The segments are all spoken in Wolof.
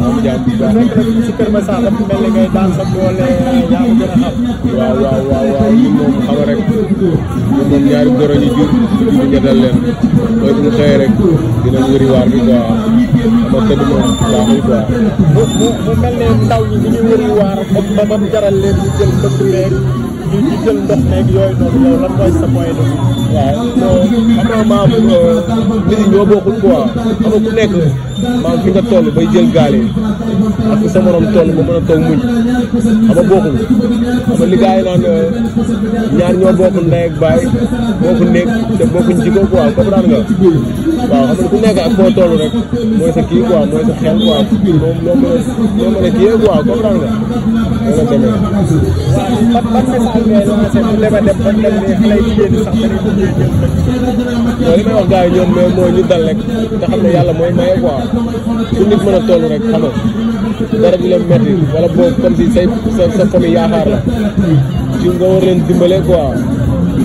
waaw jaamu jaamu nekk nag si Kër Masar dafa mel ni ngay daan sa doole yaa gën a xam. waaw waaw waaw waaw ñun moom xam rek ñun moom ñaari goro ñu jur ñu leen mooy bu ñu xëyee rek dina bi quoi xam nga tëdd moom baaxul quoi. bu ñu ngi wëri waar ba mu jaral leen ñu jël dëkk beeg ñu ñu jël ndox meeg yooyu noonu yow lan mooy sa point de waaw non xam nga maa nit ñi ñoo ku nekk. maam fi nga toll bay jël gaale ak sa morom toll ba mën a toog muñ xama bokkul xama li nekk euh, te bokkuñ jikko quoi comprendre nga waaw xam nga ku nekk ak foo toll rek mooy sa kii quoi mooy sa xel quoi a waaw ban mooy ñu dal rek te xam ne yàlla mooy maye quoi. fu nit mën a toll rek xam nga dara di la metti wala boo comme si say sa sa famille yaakaar la ci nga war leen dimbale quoi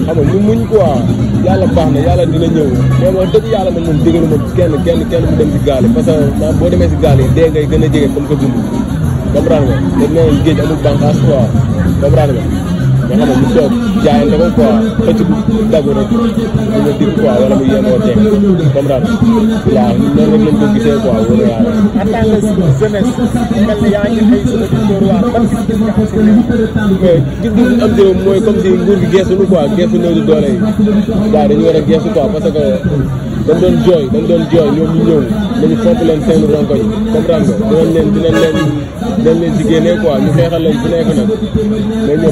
xam nga ñu muñ quoi yàlla baax na yàlla dina ñëw mais wax dëgg yàlla man moom digalu ma kenn kenn kenn mu dem si gaal yi parce boo demee si gaal yi dee ngay gën a jege comme ko dund comprendre nga dañ ne géej amul ko quoi comprendre nga nga xam ne mu toog jaayante ko quoi xëcc bu dagu rek mu nga dig quoi wala mu yemoo teg comme daal waaw noonu rek lañ ko gisee quoi wóor na yàlla. en tant que jeunesse mel na yaa ngi ay suñu dóor waar ban gis-gis nga xam si gis-gis am si mooy comme si nguur gi yi waaw dañu war a geesu quoi parce que. dañ doon jooy dañ doon jooy ñoom ñu ñëw nañu fomp leen seen rongo yi comprendre nga dinañ leen dinañ leen dinañ leen di ñu xeexal leen bu nekk nag ñoom bi moom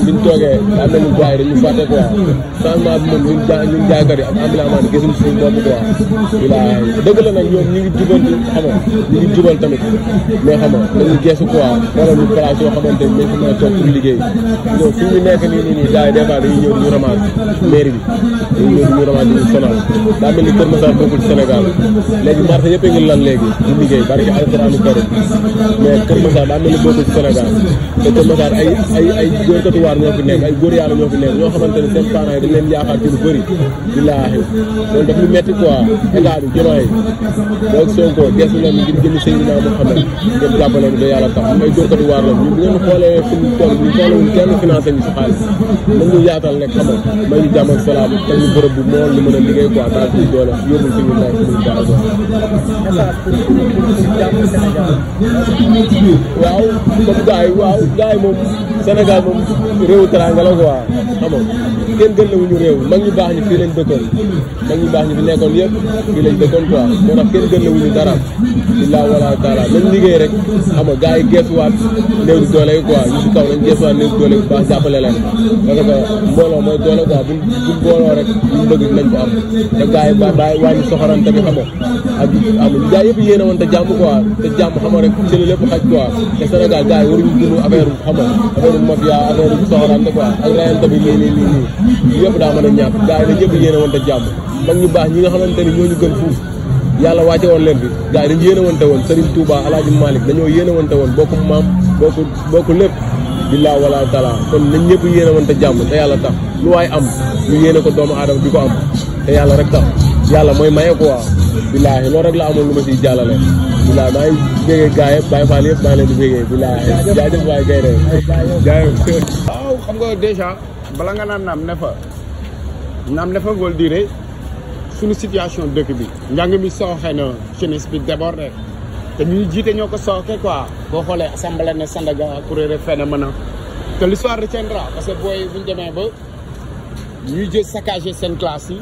ñun ja ñun jaagari ak am naa maanaam gisuñ suñu bopp quoi. wilaay dëgg la nag ñoom ñu ngi jubal xam nga ñu ngi jubal tamit mais xam nga dañuy geesu quoi xoolal ñu place yoo xamante a ñu nekk ñu ramasse bi dañuy ñëw ñu ramasse ñu sonal daa nekkul Sénégal léegi marché yëpp a ngi lan léegi di liggéey barki alxuraanu karim mais Kër Massar daa mel ni bokkul Sénégal te Kër Massar ay ay ay góorkatu waar ñoo fi nekk ay góor yàlla ñoo fi nekk ñoo xamante ne seen parents yi dañ leen yaakaar ci lu bëri di laaxi loolu daf ñu metti quoi état bi jumaa yi donc Sonko geesu leen ngir jëm Seydina Mouhamed ngeen jàppale ñu ba yàlla tax ay góorkatu waar la ñu bu ngeen xoolee suñu tool ñu xoolewuñ kenn financé ñu si xaalis nañ ñu yaatal nekk xamal may ñu jàmm ak salaam teg ñu bërëb bu mool lu mën a liggéey quoi daal suñu doole communauté wu laay communauté daara doon message pour pour si jàmm Sénégal. waaw comme gars yi waaw gars yi moom Sénégal moom réewu teranga la quoi xam nga ñu réew mag ñu baax ñi fii lañ dëkkoon mag ñu baax ñi fi nekkoon yëpp fii lañ dëkkoon quoi moo tax kenn gën la wu ñu dara billaa wala nañ liggéey rek xam nga gars yi geesuwaat néew di doole yi quoi ñu si kaw nañ geesuwaat néew di doole bu baax jàppale leen parce que mbooloo mooy doole quoi buñ buñ mbooloo rek ñu bëgg nañ ko am te gars yi bàyyi am soxorante bi xam ak am gars yëpp yéen a woon te jàmm quoi te jàmm xam rek ci lépp xaj quoi te Sénégal gars yi waruñu dund affaire xam affaire mafia affaire soxorante quoi ak rayante bi nii nii nii nii yëpp daa mën a ñàkk gars yëpp yéen a woon te jàmm mag ñu baax ñi nga xamante ni ñooñu gën fuuf yàlla wàcce woon leen bi gars yi dañ yéen woon Serigne Touba Alaaji Malick dañoo yéen a wante woon bokku maam bokku bokku lépp billaa wala taala kon nañ ñëpp yéen a wante jàmm te yàlla tax lu waay am ñu yéene ko doomu aadama bi ko am te yàlla rek tax yàlla mooy maye quoi billaahi loolu rek la amoon lu ma siy jàllale billaahi maa ngi bégee gars yëpp Baye yëpp maa ngi leen di bégee billaahi jaajëf waay gay de jaajëf waaw xam nga bala nga naan naam ne fa naam ne fa vol dire situation dëkk bi njàng mi sooxe na jeunesse bi débordé te ñu jiite ñoo ko sooke quoi boo xoolee assemblée ne Sandaga kuréel fenn mën a te l'histoire retiendra parce que booy bu ñu ba ñuy jël saccagé seen classe yi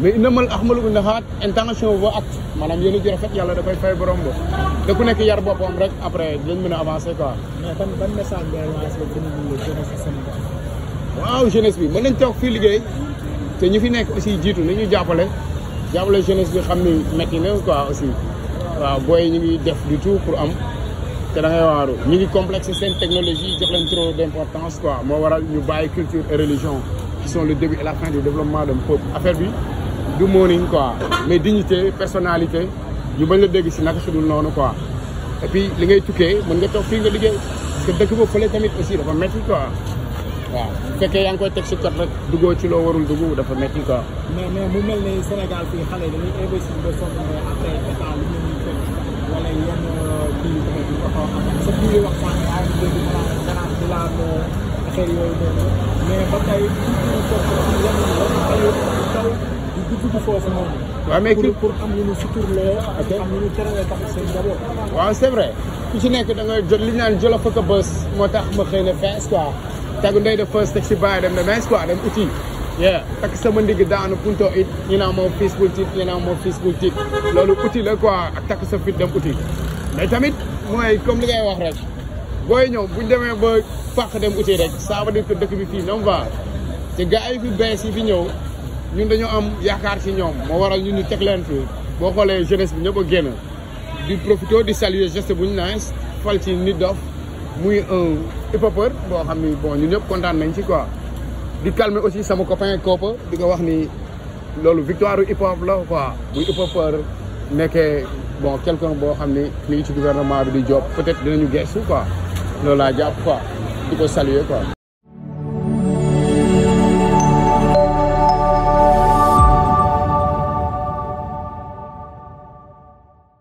mais innamal ahmalu bi naxaat intention ba acte maanaam yéen a ji rafet yàlla da koy fay borom ba te ku nek yar bopom rek après dinañ mën a avancer quoi. mais ban ban message ngay lancé waaw jeunesse bi meun nañ toog fi liggéey te ñu fi nek aussi jitu ñu jappalé jappalé jeunesse bi xam ni na quoi aussi waaw boy ñu ngi def du tout pour am te da ngay waru ñi ngi complexe sen technologie jox leen trop d'importance quoi mo waral ñu baye culture et religion qui sont le début et la fin du développement d'un peuple affaire bi. du moonin quoi mais dignité personnalité ñu bañ la dégg si naka sudul noonu quoi et li ngay tukkee mën nga toog fii nga liggéey parce que dëkk ba fële tamit aussi dafa métti quoi waaw bu yaa ngi koy teg si kër rek duggoo ci loo warul dugg dafa métti quoi. mais mais mu mel ni Sénégal fii xale yi dañuy investir de sorte que après état lu mu ñu fekk wala yenn euh, kii yooyu noonu mais ba tey kii bi du dugg foofu pour am lu ñu suturlee ak am lu ñu vrai ku ci nekk da nga jot li ñu naan jolof ak a bës moo tax ma xëy na fees quoi tegu ndey de first teg si bàyyi dem na mees quoi dem uti. yeah takk sama ndigg daanu punto it ñu moo moom fiis bul tiit ñu naan moom fiis bul tiit loolu uti la quoi ak takk sa fit dem uti mais tamit mooy comme li ngay wax rek booy ñëw buñ demee ba fàq dem uti rek ça veut dire que dëkk bi fii nam va te gars yi fi bees yi fi ñëw ñun dañoo am yaakaar ci ñoom moo waral ñun ñu teg leen fi boo xoolee jeunesse bi ñëpp a génn di profité di saluer geste bu ñu naan fal ci ni Doff muy un hip-hopeur boo xam ni bon ñun ñëpp kontaan nañ ci quoi. di calmer aussi sama copain Kopa di ko wax ni loolu victoire hip-hop la quoi bu hip-hopeur nekkee bon quelqu'un boo xam ni mi ngi ci gouvernement bi di job peut-être dinañu gestu quoi loolu laa jàpp quoi di ko saluer quoi.